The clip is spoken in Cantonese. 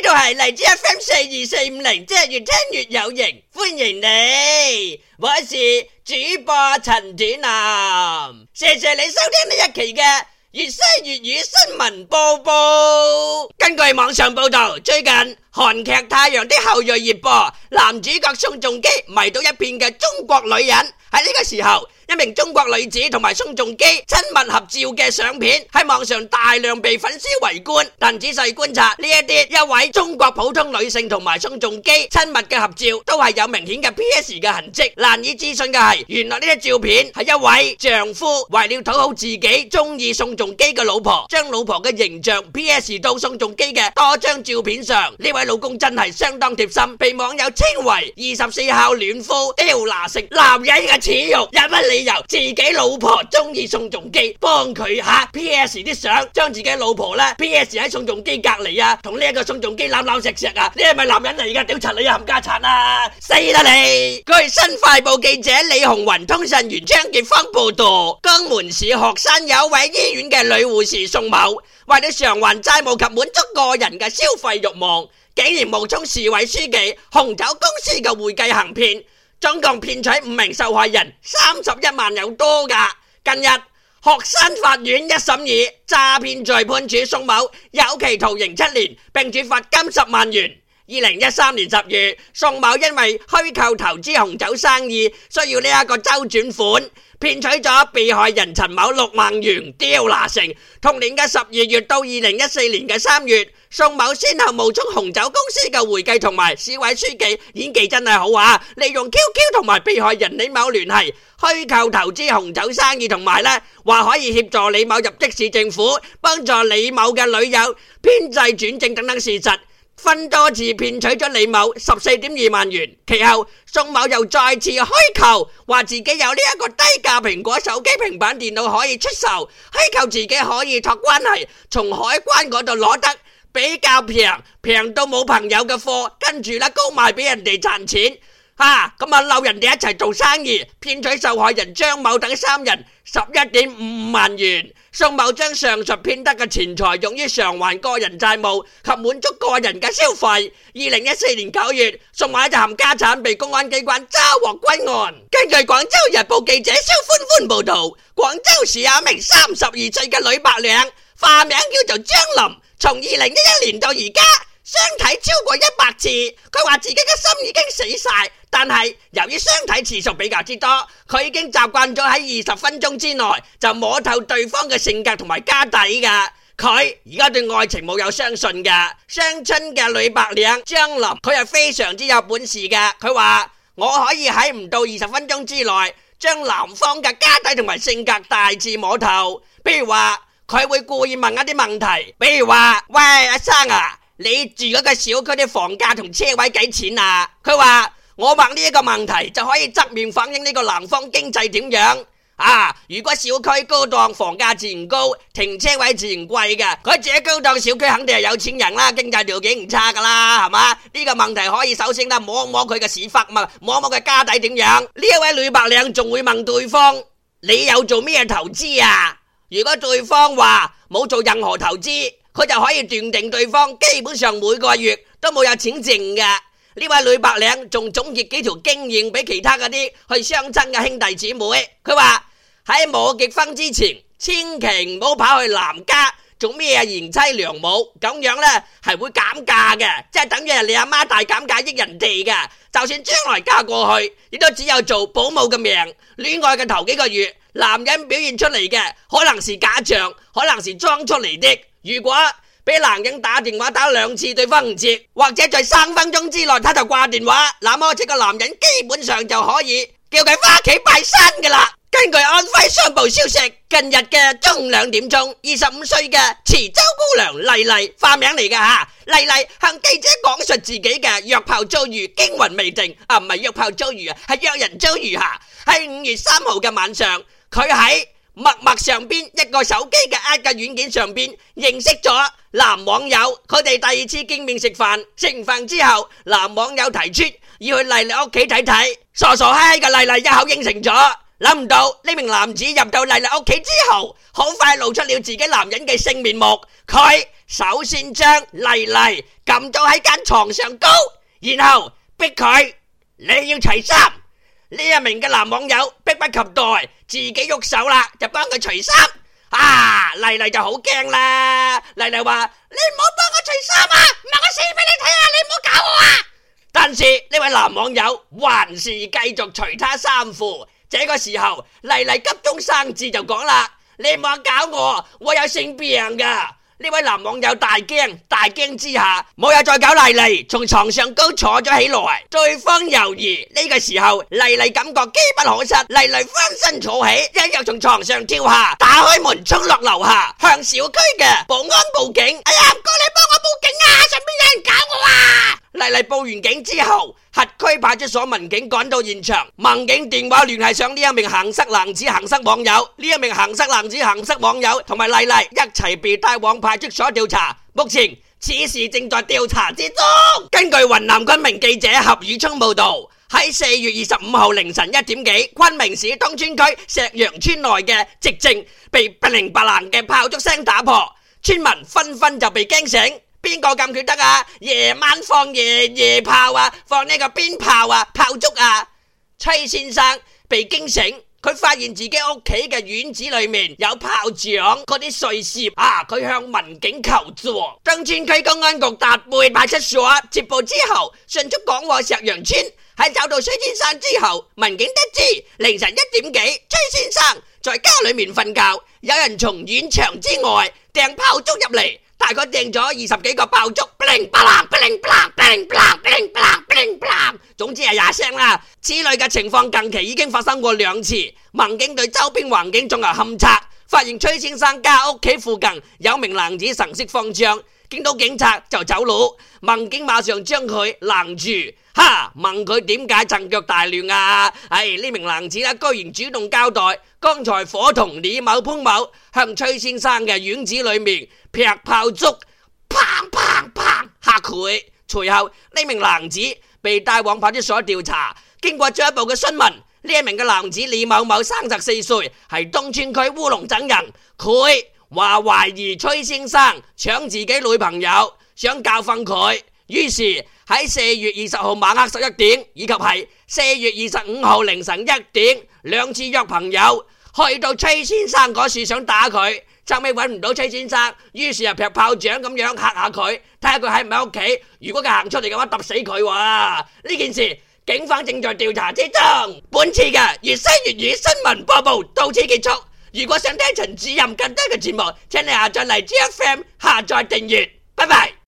呢度係荔枝 F M 四二四五零，即係越聽越有型。歡迎你，我係主播陳展南，謝謝你收聽呢一期嘅粵西粵語新聞播報，報。根據網上報道，最近。韓劇《太陽的後裔》熱播，男主角宋仲基迷倒一片嘅中國女人。喺呢個時候，一名中國女子同埋宋仲基親密合照嘅相片喺網上大量被粉絲圍觀。但仔細觀察呢一啲，一位中國普通女性同埋宋仲基親密嘅合照，都係有明顯嘅 PS 嘅痕跡。難以置信嘅係，原來呢啲照片係一位丈夫為了討好自己中意宋仲基嘅老婆，將老婆嘅形象 PS 到宋仲基嘅多張照片上。呢位老公真係相當貼心，被網友稱為二十四孝戀夫、L 拿食男人嘅恥辱。有乜理由自己老婆中意宋仲基，幫佢吓 P S 啲相，將自己老婆咧 P S 喺宋仲基隔籬啊，同呢一個宋仲基攬攬錫錫啊？你係咪男人嚟噶？屌柒女冚家賊啊！死啦你！據新快報記者李紅雲、通訊員張杰芳報道，江門市鶴山有位醫院嘅女護士宋某。為了償還債務及滿足個人嘅消費慾望，竟然冒充市委書記、紅酒公司嘅會計行騙，總共騙取五名受害人三十一萬有多噶。近日，鶴山法院一審以詐騙罪判處宋某有期徒刑七年，並處罰金十萬元。二零一三年十月，宋某因為虛構投資紅酒生意需要呢一個周轉款，騙取咗被害人陳某六萬元。刁拿成同年嘅十二月到二零一四年嘅三月，宋某先後冒充紅酒公司嘅會計同埋市委書記，演技真係好啊！利用 QQ 同埋被害人李某聯繫，虛構投資紅酒生意同埋咧，話可以協助李某入職市政府，幫助李某嘅女友編制轉正等等事實。分多次騙取咗李某十四點二萬元，其後宋某又再次虛構，話自己有呢一個低價蘋果手機、平板電腦可以出售，虛構自己可以託關係從海關嗰度攞得比較平，平到冇朋友嘅貨，跟住啦高賣俾人哋賺錢吓，咁啊撈人哋一齊做生意，騙取受害人張某等三人，十一點五五萬元。宋某將上述騙得嘅錢財用於償還個人債務及滿足個人嘅消費。二零一四年九月，宋某就含家產被公安機關抓獲歸案。根據廣州日報記者肖歡歡報道，廣州市有名三十二歲嘅女白領，化名叫做張琳。從二零一一年到而家。相睇超過一百次，佢話自己嘅心已經死晒，但係由於相睇次數比較之多，佢已經習慣咗喺二十分鐘之內就摸透對方嘅性格同埋家底噶。佢而家對愛情冇有相信噶。相親嘅女白領張琳，佢係非常之有本事噶。佢話我可以喺唔到二十分鐘之內將男方嘅家底同埋性格大致摸透，比如話佢會故意問一啲問題，比如話喂，阿生啊。你住嗰個小區啲房價同車位幾錢啊？佢話我問呢一個問題就可以側面反映呢個男方經濟點樣啊？如果小區高檔，房價自然高，停車位自然貴嘅。佢住喺高檔小區，肯定係有錢人啦，經濟條件唔差㗎啦，係嘛？呢個問題可以首先啦摸摸佢嘅屎忽，唔摸摸佢家底點樣？呢一位女白領仲會問對方：你有做咩投資啊？如果對方話冇做任何投資。佢就可以斷定對方基本上每個月都冇有錢剩嘅。呢位女白領，仲總結幾條經驗俾其他嗰啲去相親嘅兄弟姐妹。佢話喺冇結婚之前，千祈唔好跑去男家做咩賢妻良母，咁樣呢係會減價嘅，即係等於你阿媽大減價益人哋嘅。就算將來嫁過去，亦都只有做保姆嘅命。戀愛嘅頭幾個月，男人表現出嚟嘅可能是假象，可能是裝出嚟的。如果俾男人打電話打兩次對方唔接，或者在三分鐘之內他就掛電話，那麼這個男人基本上就可以叫佢返屋企拜山噶啦。根據安徽商報消息，近日嘅中午兩點鐘，二十五歲嘅池州姑娘麗麗化名嚟噶吓，麗麗向記者講述自己嘅約炮遭遇驚魂未定。啊，唔係約炮遭遇啊，係約人遭遇下。喺五月三號嘅晚上，佢喺。陌陌上邊一個手機嘅 app 軟件上邊認識咗男網友，佢哋第二次見面食飯，食完飯之後，男網友提出要去麗麗屋企睇睇，傻傻嘿嘿嘅麗麗一口應承咗，諗唔到呢名男子入到麗麗屋企之後，好快露出了自己男人嘅真面目，佢首先將麗麗撳到喺間床上高，然後逼佢你要齊衫。呢一名嘅男網友迫不及待，自己喐手啦，就幫佢除衫。啊，麗麗就好驚啦，麗麗話：你唔好幫我除衫啊，唔係我死畀你睇下，你唔好搞我啊！但是呢位男網友還是繼續除他衫褲。這個時候，麗麗急中生智就講啦：你唔好搞我，我有性病噶。呢位男網友大驚大驚之下，冇，有再搞麗麗，從床上高坐咗起來。對方猶豫呢個時候，麗麗感覺機不可失，麗麗翻身坐起，一腳從床上跳下，打開門衝落樓下，向小區嘅保安報警。哎呀哥，你幫我報警啊！上邊有人搞。麗麗報完警之後，轄區派出所民警趕到現場，民警電話聯繫上呢一名行失男子行失網友，呢一名行失男子行失網友同埋麗麗一齊被帶往派出所調查。目前此事正在調查之中。根據雲南昆明記者何宇聰報道，喺四月二十五號凌晨一點幾，昆明市東川區石羊村內嘅寂靜被不靈不爛嘅炮竹聲打破，村民紛紛就被驚醒。邊個咁缺德啊？夜晚放夜夜炮啊，放呢個鞭炮啊，炮竹啊！崔先生被驚醒，佢發現自己屋企嘅院子裏面有炮仗，嗰啲碎屑啊，佢向民警求助。金川區公安局達貝派出所接報之後，迅速趕往石羊村。喺找到崔先生之後，民警得知凌晨一點幾，崔先生在家裏面瞓覺，有人從院牆之外掟炮竹入嚟。大概掟咗二十幾個爆竹，總之係廿聲啦。此類嘅情況近期已經發生過兩次。民警對周邊環境進行勘查，發現崔先生家屋企附近有名男子神色慌張。見到警察就走佬，民警馬上將佢攔住，哈，問佢點解陣腳大亂啊？唉、哎，呢名男子居然主動交代，剛才伙同李某潘某，某向崔先生嘅院子裏面劈炮竹，砰砰砰嚇佢。隨後呢名男子被帶往派出所調查，經過進一步嘅詢問，呢名嘅男子李某某三十四歲，係東川區烏龍鎮人，佢。話懷疑崔先生搶自己女朋友，想教訓佢，於是喺四月二十號晚黑十一點以及係四月二十五號凌晨一點兩次約朋友，去到崔先生嗰處想打佢，後尾揾唔到崔先生，於是就劈炮仗咁樣吓下佢，睇下佢喺唔喺屋企。如果佢行出嚟嘅話，揼死佢！哇！呢件事警方正在調查之中。本次嘅粵西粵語新聞播報到此結束。如果想聽陳主任更多嘅節目，請你下載荔枝 FM，下載訂閱，拜拜。